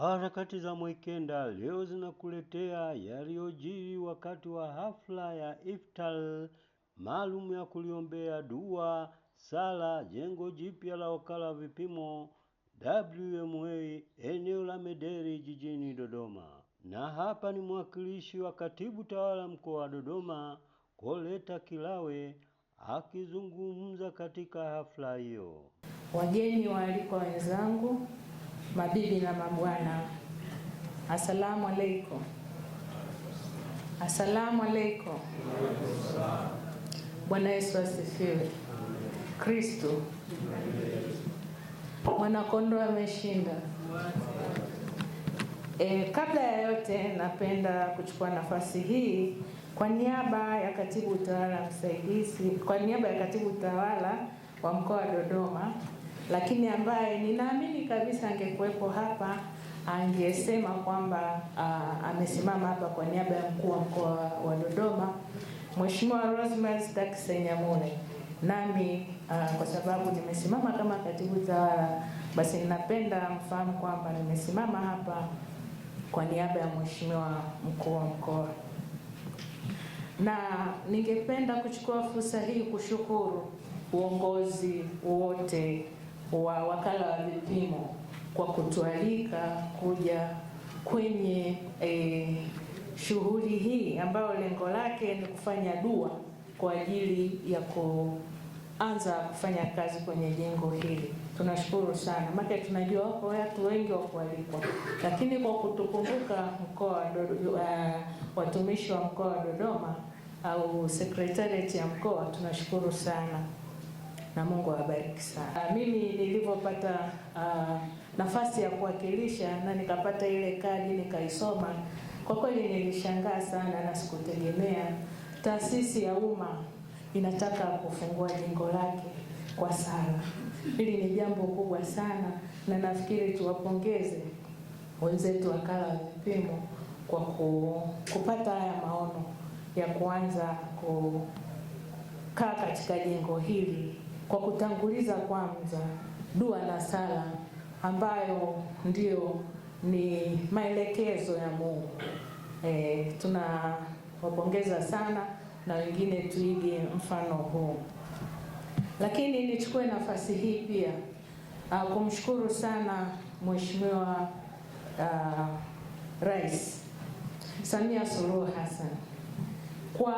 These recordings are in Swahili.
Harakati za Mwikenda leo zinakuletea yaliyojiri wakati wa hafla ya iftar maalum ya kuliombea dua sala jengo jipya la wakala wa vipimo WMA eneo la Mederi jijini Dodoma. Na hapa ni mwakilishi wa katibu tawala mkoa wa Dodoma Koleta Kilawe akizungumza katika hafla hiyo. Wageni waalikwa wenzangu mabibi na mabwana, asalamu alaikum. Asalamu alaikum. Bwana Yesu asifiwe. Kristo mwanakondoo ameshinda. E, kabla ya yote napenda kuchukua nafasi hii kwa niaba ya katibu utawala msaidizi, kwa niaba ya katibu utawala wa mkoa wa Dodoma lakini ambaye ninaamini kabisa angekuwepo hapa angesema kwamba uh, amesimama hapa kwa niaba ya mkuu wa mkoa wa Dodoma Mheshimiwa Rosemary Stack Senyamule. Nami uh, kwa sababu nimesimama kama katibu tawala, basi ninapenda mfahamu kwamba nimesimama hapa kwa niaba ya mheshimiwa mkuu wa mkoa, na ningependa kuchukua fursa hii kushukuru uongozi wote wa wakala wa vipimo kwa kutualika kuja kwenye e, shughuli hii ambayo lengo lake ni kufanya dua kwa ajili ya kuanza kufanya kazi kwenye jengo hili. Tunashukuru sana maana tunajua wako watu wengi wa kualikwa, lakini kwa kutukumbuka mkoa uh, watumishi wa mkoa wa Dodoma au sekretarieti ya mkoa tunashukuru sana na Mungu awabariki sana. Ah, mimi nilivyopata uh, nafasi ya kuwakilisha na nikapata ile kadi nikaisoma, kwa kweli nilishangaa sana na sikutegemea taasisi ya umma inataka kufungua jengo lake kwa sala. Hili ni jambo kubwa sana, na nafikiri tuwapongeze wenzetu wakala wa vipimo kwa ku, kupata haya maono ya kuanza kukaa katika jengo hili kwa kutanguliza kwanza dua na sala ambayo ndio ni maelekezo ya Mungu. E, tunawapongeza sana na wengine tuige mfano huu, lakini nichukue nafasi hii pia uh, kumshukuru sana Mheshimiwa uh, Rais Samia Suluhu Hassan kwa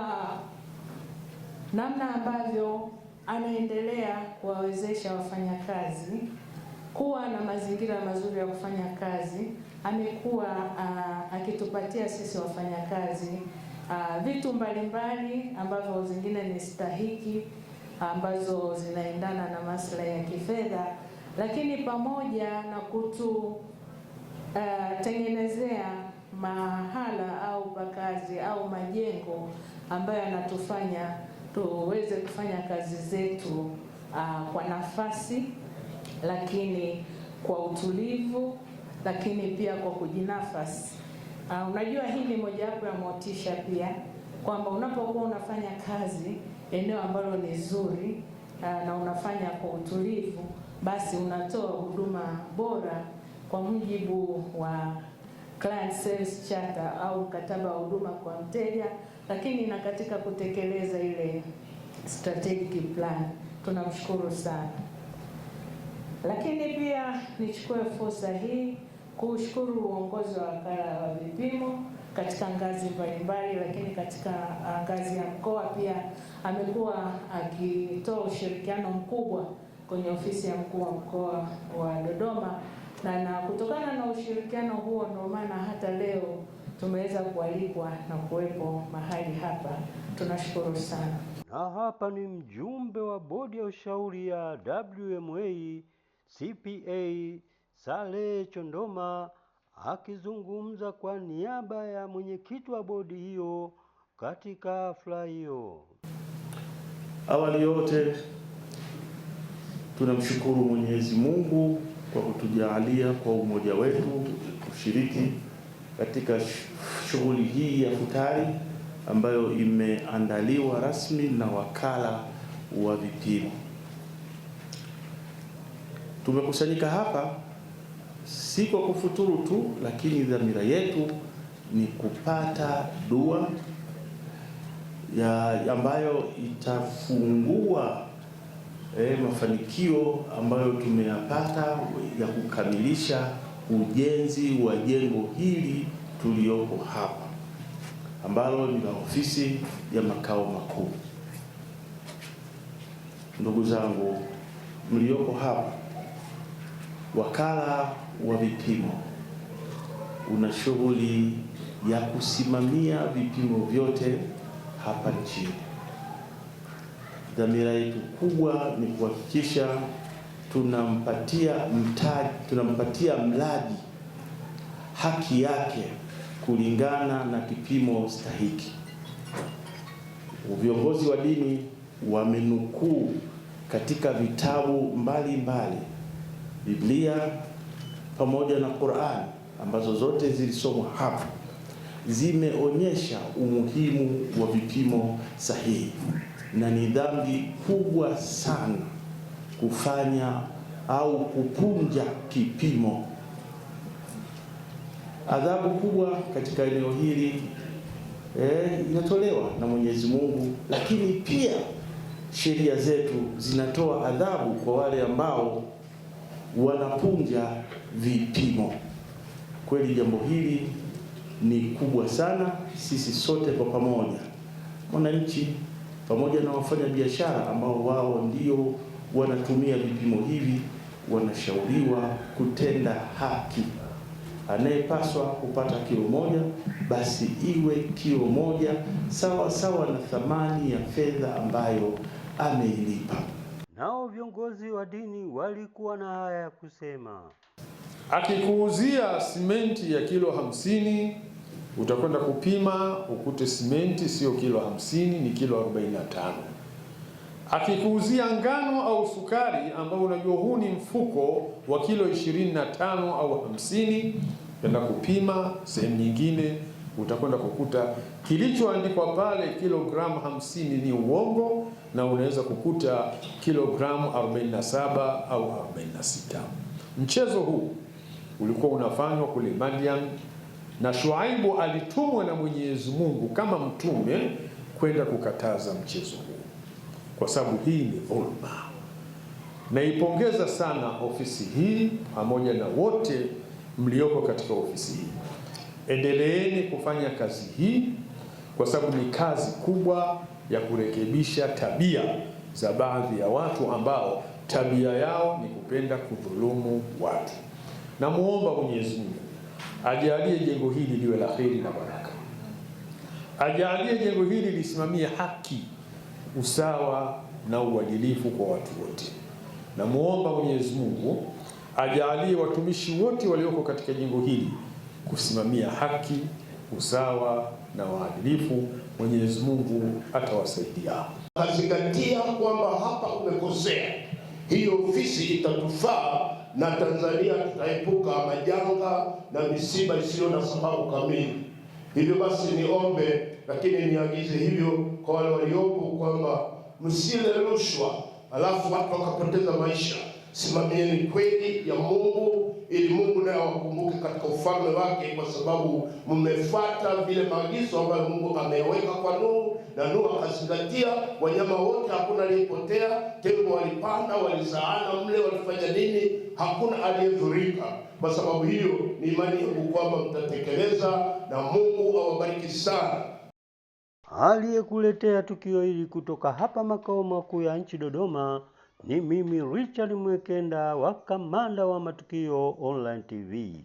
namna ambavyo anaendelea kuwawezesha wafanyakazi kuwa na mazingira mazuri ya kufanya kazi. Amekuwa uh, akitupatia sisi wafanyakazi uh, vitu mbalimbali ambavyo zingine ni stahiki ambazo zinaendana na maslahi ya kifedha, lakini pamoja na kututengenezea eh, uh, mahala au pakazi au majengo ambayo yanatufanya tuweze kufanya kazi zetu uh, kwa nafasi lakini kwa utulivu, lakini pia kwa kujinafasi. Uh, unajua hii ni mojawapo ya motisha pia kwamba unapokuwa unafanya kazi eneo ambalo ni zuri uh, na unafanya kwa utulivu, basi unatoa huduma bora kwa mujibu wa Client Service Charter au mkataba wa huduma kwa mteja lakini na katika kutekeleza ile strategic plan tunamshukuru sana. Lakini pia nichukue fursa hii kuushukuru uongozi wa wakala wa vipimo katika ngazi mbalimbali, lakini katika ah, ngazi ya mkoa pia amekuwa akitoa ushirikiano mkubwa kwenye ofisi ya mkuu wa mkoa wa Dodoma, na na kutokana na ushirikiano huo ndio maana hata leo tumeweza kualikwa na kuwepo mahali hapa, tunashukuru sana. Na hapa ni mjumbe wa bodi ya ushauri ya WMA CPA Sale Chondoma akizungumza kwa niaba ya mwenyekiti wa bodi hiyo katika hafla hiyo. Awali yote tunamshukuru Mwenyezi Mungu kwa kutujaalia kwa umoja wetu kushiriki katika shughuli hii ya futari ambayo imeandaliwa rasmi na wakala wa vipimo. Tumekusanyika hapa si kwa kufuturu tu, lakini dhamira yetu ni kupata dua ya ambayo itafungua eh, mafanikio ambayo tumeyapata ya kukamilisha ujenzi wa jengo hili tuliyoko hapa ambalo ni la ofisi ya makao makuu. Ndugu zangu mlioko hapa, wakala wa vipimo una shughuli ya kusimamia vipimo vyote hapa nchini. Dhamira yetu kubwa ni kuhakikisha tunampatia mtaji, tunampatia mradi haki yake kulingana na kipimo stahiki. Viongozi wa dini wamenukuu katika vitabu mbalimbali mbali, Biblia pamoja na Qur'an ambazo zote zilisomwa hapa zimeonyesha umuhimu wa vipimo sahihi, na ni dhambi kubwa sana kufanya au kupunja kipimo. Adhabu kubwa katika eneo hili eh, inatolewa na Mwenyezi Mungu, lakini pia sheria zetu zinatoa adhabu kwa wale ambao wanapunja vipimo. Kweli jambo hili ni kubwa sana. Sisi sote kwa pamoja, wananchi pamoja na wafanyabiashara ambao wao ndio wanatumia vipimo hivi, wanashauriwa kutenda haki. Anayepaswa kupata kilo moja basi iwe kilo moja sawa sawa na thamani ya fedha ambayo ameilipa. Nao viongozi wa dini walikuwa na haya ya kusema: akikuuzia simenti ya kilo hamsini utakwenda kupima ukute simenti siyo kilo hamsini ni kilo 45 akikuuzia ngano au sukari ambao unajua huu ni mfuko wa kilo 25 au 50 enda kupima sehemu nyingine, utakwenda kukuta kilichoandikwa pale kilogramu hamsini ni uongo, na unaweza kukuta kilogramu 47 au 46. Mchezo huu ulikuwa unafanywa kule Madian, na Shuaibu alitumwa na Mwenyezi Mungu kama mtume kwenda kukataza mchezo huu kwa sababu hii ni dhulma. Naipongeza sana ofisi hii pamoja na wote mlioko katika ofisi hii. Endeleeni kufanya kazi hii kwa sababu ni kazi kubwa ya kurekebisha tabia za baadhi ya watu ambao tabia yao ni kupenda kudhulumu watu. namwomba Mwenyezi Mungu ajalie jengo hili liwe la heri na baraka, ajalie jengo hili lisimamie haki usawa na uadilifu kwa watu wote. namwomba Mwenyezi Mungu ajaalie watumishi wote walioko katika jengo hili kusimamia haki, usawa na uadilifu Mwenyezi Mungu atawasaidia. Kazingatia kwamba hapa umekosea, hiyo ofisi itatufaa na Tanzania tutaepuka majanga na misiba isiyo na sababu kamili. Hivyo basi niombe, lakini niagize hivyo kwa wale waliopo kwamba msile rushwa, alafu watu wakapoteza maisha. Simamieni kweli ya Mungu ili Mungu naye awakumbuke katika ufalme wake, kwa sababu mmefuata vile maagizo ambayo Mungu ameweka kwa Nuhu, na Nuhu akazingatia. Wanyama wote hakuna aliyepotea, tembo walipanda, walizaana mle, walifanya nini, hakuna aliyedhurika. Kwa sababu hiyo, ni imani yangu kwamba mtatekeleza, na Mungu awabariki sana. Aliyekuletea tukio hili kutoka hapa makao makuu ya nchi Dodoma ni mimi Richard Mwekenda wa Kamanda wa Matukio Online TV.